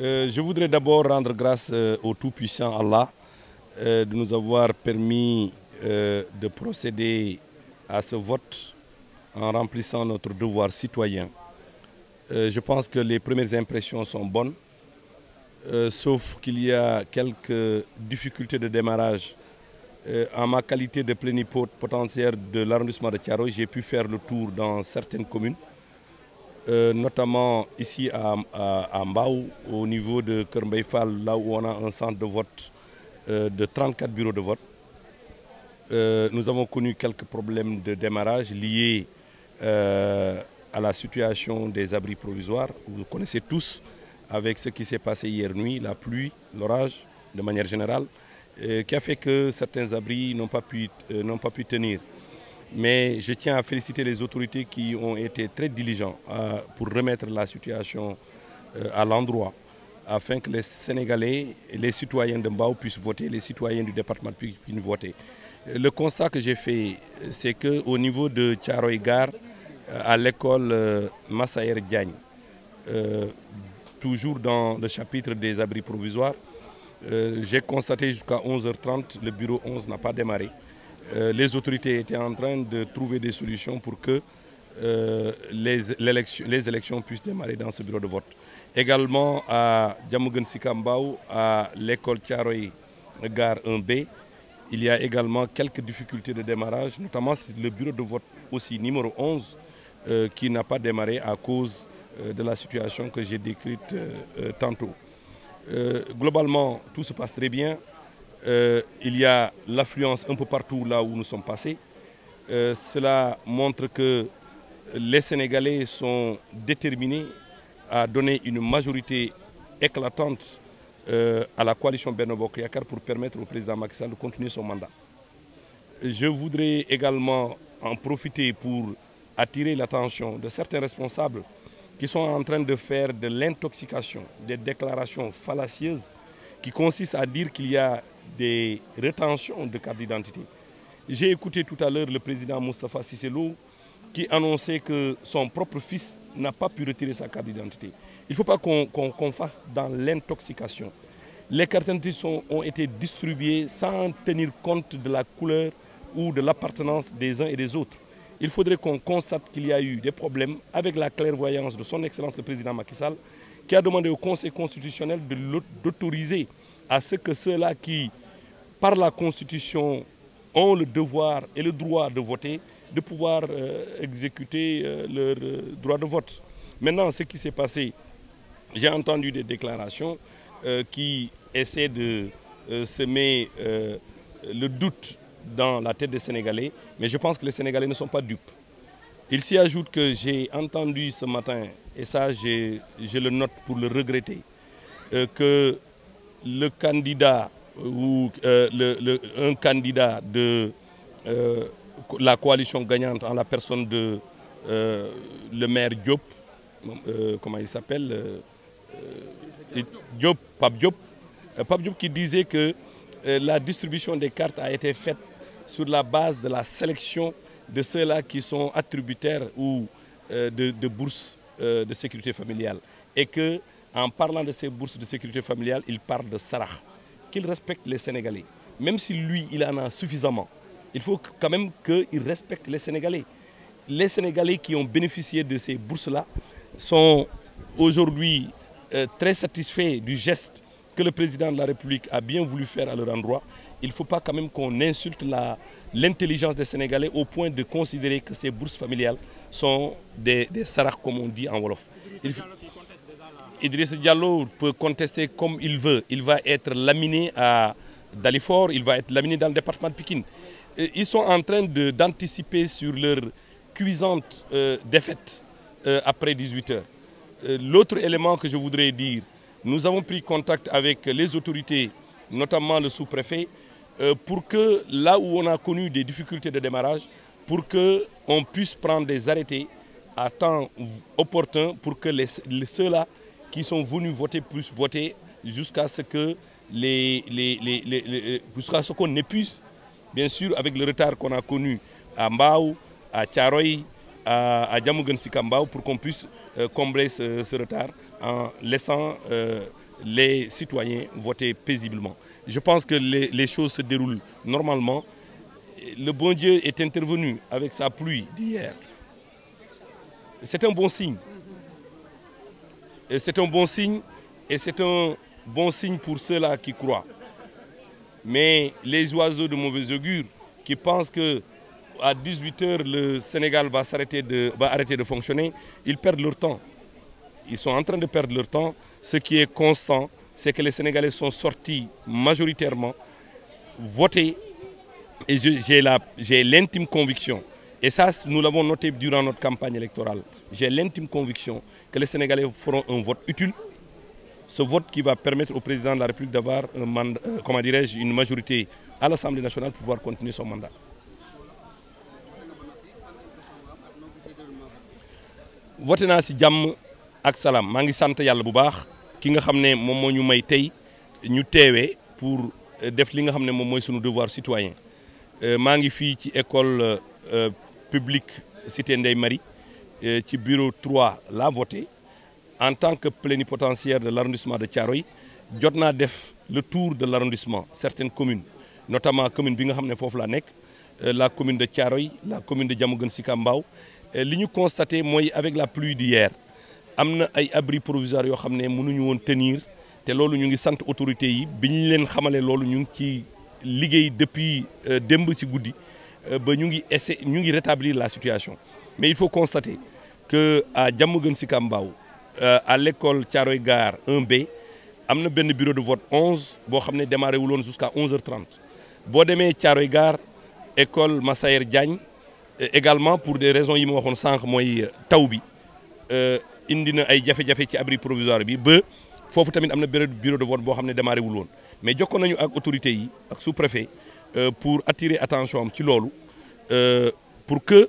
Euh, je voudrais d'abord rendre grâce euh, au Tout-Puissant Allah euh, de nous avoir permis de procéder à ce vote en remplissant notre devoir citoyen. je pense que les premières impressions sont bonnes, sauf qu'il y a quelques difficultés de démarrage. en ma qualité de plénipotentiaire de l'arrondissement de Tiaro, j'ai pu faire le tour dans certaines communes euh, notamment ici à, à, Mbao, au niveau de Kermbeifal, là où on a un centre de vote euh, de 34 bureaux de vote. Euh, nous avons connu quelques problèmes de démarrage liés à la situation des abris provisoires. Vous connaissez tous avec ce qui s'est passé hier nuit, la pluie, l'orage de manière générale, qui a fait que certains abris n'ont pas pu tenir. Mais je tiens à féliciter les autorités qui ont été très diligents euh, pour remettre la situation euh, à l'endroit afin que les Sénégalais et les citoyens de Mbao puissent voter, les citoyens du département puissent voter. Euh, le constat que j'ai fait, c'est qu'au niveau de Tcharoïgar, à l'école Massaer Diagne, toujours dans le chapitre des abris provisoires, j'ai constaté jusqu'à 11h30, le bureau 11 n'a pas démarré. Euh, les autorités étaient en train de trouver des solutions pour que euh, les, les, élections puissent démarrer dans ce bureau de vote. Également à Djamougan sikambaou à l'école Tiaroy Gare 1B, il y a également quelques difficultés de démarrage, notamment le bureau de vote aussi numéro 11 euh, qui n'a pas démarré à cause de la situation que j'ai décrite tantôt. globalement, tout se passe très bien. Euh, il y a l'affluence un peu partout là où nous sommes passés. Euh, cela montre que les Sénégalais sont déterminés à donner une majorité éclatante euh, à la coalition Benoît pour permettre au président Macky Sall de continuer son mandat. Je voudrais également en profiter pour attirer l'attention de certains responsables qui sont en train de faire de l'intoxication, des déclarations fallacieuses qui consistent à dire qu'il y a des rétentions de carte d'identité. J'ai écouté tout à l'heure le président Moustapha Sisselo qui annonçait que son propre fils n'a pas pu retirer sa carte d'identité. Il ne faut pas qu'on fasse dans l'intoxication. Les cartes d'identité ont été distribuées sans tenir compte de la couleur ou de l'appartenance des uns et des autres. Il faudrait qu'on constate qu'il y a eu des problèmes avec la clairvoyance de son Excellence le Président Macky Sall, qui a demandé au Conseil constitutionnel d'autoriser à ce que ceux-là qui, par la Constitution, ont le devoir et le droit de voter, de pouvoir euh, exécuter euh, leur euh, droit de vote. Maintenant, ce qui s'est passé, j'ai entendu des déclarations qui essaient de semer le doute dans la tête des Sénégalais, mais je pense que les Sénégalais ne sont pas dupes. Il s'y ajoute que j'ai entendu ce matin, et ça j'ai je, le note pour le regretter, que le candidat ou euh, un candidat de euh, la coalition gagnante en la personne de euh, le maire Diop, comment il s'appelle Diop, Pape Diop. qui disait que la distribution des cartes a été faite sur la base de la sélection de ceux-là qui sont attributaires ou de, de bourses de sécurité familiale. Et que en parlant de ces bourses de sécurité familiale, il parle de Sarah, qu'il respecte les Sénégalais. Même si lui, il en a suffisamment, il faut quand même qu'il respecte les Sénégalais. Les Sénégalais qui ont bénéficié de ces bourses-là sont aujourd'hui euh, très satisfaits du geste que le président de la République a bien voulu faire à leur endroit. Il ne faut pas quand même qu'on insulte l'intelligence des Sénégalais au point de considérer que ces bourses familiales sont des, des sarah, comme on dit en Wolof. Idriss Diallo peut contester comme il veut. Il va être laminé à Dalifort, il va être laminé dans le département de Pékin. Euh, ils sont en train d'anticiper sur leur cuisante euh, défaite euh, après 18 heures. L'autre élément que je voudrais dire, nous avons pris contact avec les autorités, notamment le sous-préfet, pour que là où on a connu des difficultés de démarrage, pour qu'on puisse prendre des arrêtés à temps opportun pour que ceux-là qui sont venus voter plus voter jusqu'à ce que les, les, jusqu'à ce qu'on épuise, bien sûr, avec le retard qu'on a connu à Mbao, à Tcharoy, à, à pour qu'on puisse euh, combler ce, retard en laissant euh, les citoyens voter paisiblement. Je pense que les, choses se déroulent normalement. Le bon Dieu est intervenu avec sa pluie d'hier. C'est un bon signe c'est un bon signe, et c'est un bon signe pour ceux-là qui croient. Mais les oiseaux de mauvais augure qui pensent que à 18h le Sénégal va, arrêter de fonctionner, ils perdent leur temps. Ils sont en train de perdre leur temps. Ce qui est constant, c'est que les Sénégalais sont sortis majoritairement voter. Et j'ai l'intime conviction, et ça nous l'avons noté durant notre campagne électorale, j'ai l'intime conviction que les Sénégalais feront un vote utile. Ce vote qui va permettre au président de la République d'avoir un euh, comment dirais-je, une majorité à l'Assemblée nationale pour pouvoir continuer son mandat. voté naa si jam, ak salam maa ngi sant yàlla bu baax ki nga xamné mom mo ñu may tay ñu téwé pour euh, def li nga xamné mom moy sunu devoir citoyen euh, maa ngi fi ci école publique cité Ndeye Marie ci bureau 3 l'a voté en tant que plénipotentiaire de l'arrondissement de Tiaroy j'ai fait le tour de l'arrondissement certaines communes notamment commune bi nga euh, la commune de Tiaroy la commune de Diamaguène Nous avons constaté avec la pluie d'hier y a des abris provisoires qui ne mënuñu pas tenir et c'est ñu ngi nous autorités yi Nous leen depuis le début de ba ñu essayer ñu rétablir la situation mais il faut constater que qu'à Sikambaou, Sikambao, à l'école Tcharoy Gare 1B, il y a un bureau de vote 11 qui a démarré jusqu'à 11h30 boo demee Thiaroye Gare école Massaïr Diagne euh, également pour des raisons qui sont waxoon sànq mooy euh, taw bi euh, indi na ay un abri provisoire Il faut que tamit le bureau de vote a démarré mais jokkoon nañu ak l'autorité yi ak sous-préfet pour attirer l'attention à ce pour que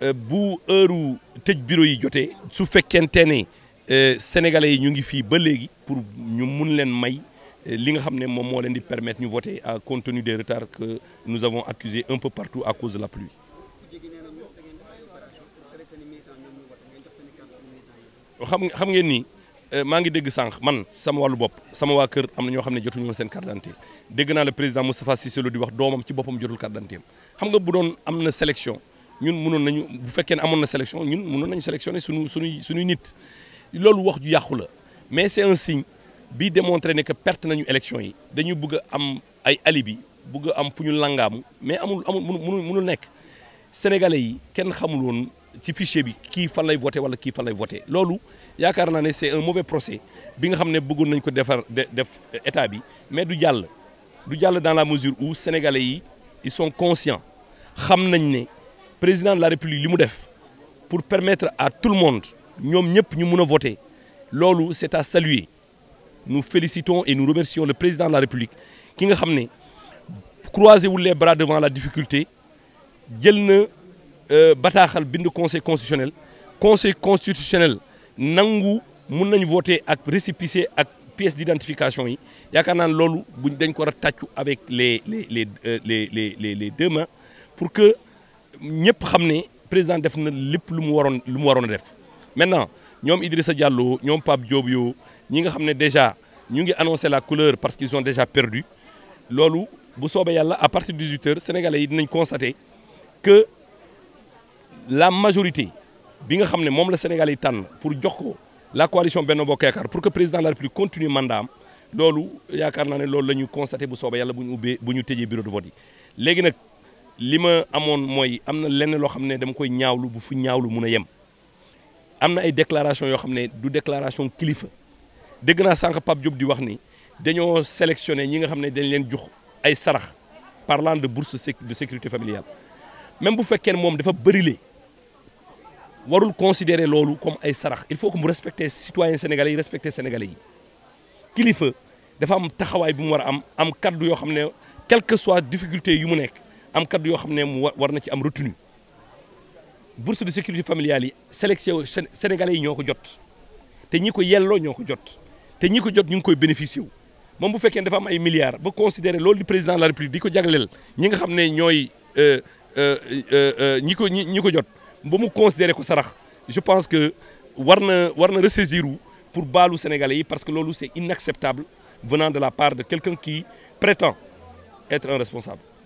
euh, bu heure tej bureau yi joté su fekkente né euh, sénégalais yi ñu ngi fi ba légui pour ñu mun leen may euh, li nga xamné mom mo moo leen di permettre ñu voter à compte tenu des retards que nous avons accusé un peu partout à cause de la pluie. xam xam ngeen ni ma ngi dégg sànq man sama walu bopp sama waa kër am na ñoo xam ne jotuñu woon seen carte d'identité dégg naa le président Moustapha Cissé Lo di wax doomam ci boppam jotul carte d'identité xam nga bu doon am na sélection ñun mënon nañu bu fekkene amon na sélection ñun mënon nañu sélectionner suñu suñu suñu nit lolu wax ju yàqu la mais c'est un signe bi démontrer ne que perte nañu élection yi dañu bëgg am ay alibi bëgg am fuñu langam mais amul amul mënul mënul nek sénégalais yi kenn xamul woon ci fichier bi ki fa lay voter wala ki fa lay voter lolu yaakar na né c'est un mauvais procès bi nga xamné bëggun nañ ko défar def état bi mais du jall du jall dans la mesure où sénégalais yi ils sont conscients xam nañ né président de la république Limoudef pour permettre à tout le monde que nous voter c'est à saluer nous félicitons et nous remercions le président de la république qui nous a croisez croisé les bras devant la difficulté Il a le conseil constitutionnel conseil constitutionnel nangu mun voter ak récépissé ak pièce d'identification yi buñ dañ ko a avec les euh, les les les les deux mains pour que ñëpp xam président def na lepp lu mu waroon lu mu waroon def maintenant ñom Idrissa Diallo ñom Pape Diop ñi nga xamné déjà ñu ngi annoncé la couleur parce qu'ils ont déjà perdu lolu bu sobe yalla à partir de 18 heures sénégalais yi dinañ constater que la majorité bi nga xamné mom la sénégalais yi pour jox ko la coalition Benno Bokk pour que président de la République continue mandat lolu yaakar na né lolu lañu constater bu sobe yalla buñu ubé buñu tejé bureau de vote yi léegi lima ma moy amna am lo xamne ne dama koy ñaawlu bu fu ñaawlu mun a yem amna ay déclaration yo xamne ne du déclaration kilifa dégg naa sànq job Diop di wax ni dañoo sélectionner ñi nga xamne ne dañ leen jox ay sarax parlant de bourse de sécurité familiale même bu fekkee mom dafa bërile warul considérer lolu comme ay sarax il faut que mu respecter citoyen sénégalais respecter sénégalais yi kilifa dafa am taxaway bu mu war am am kaddu yo xamne ne quelle que soit difficulté yu mu am kaddu yo xamné mu war na ci am bourse de sécurité familiale sélection sénégalais ñoko ont jot té ñi ko yelloo ñoo jot té ñi ko jot ñu koy bénéficier wu bu dafa am ay milliards ba considérer que le président de la république diko ko ñi nga xam ne euh, euh, euh, euh ñi ko ñi ko jot ba mu considérer ko sarax je pense que warna warna ressaisir pour les sénégalais parce que lolu c'est inacceptable venant de la part de quelqu'un qui prétend être un responsable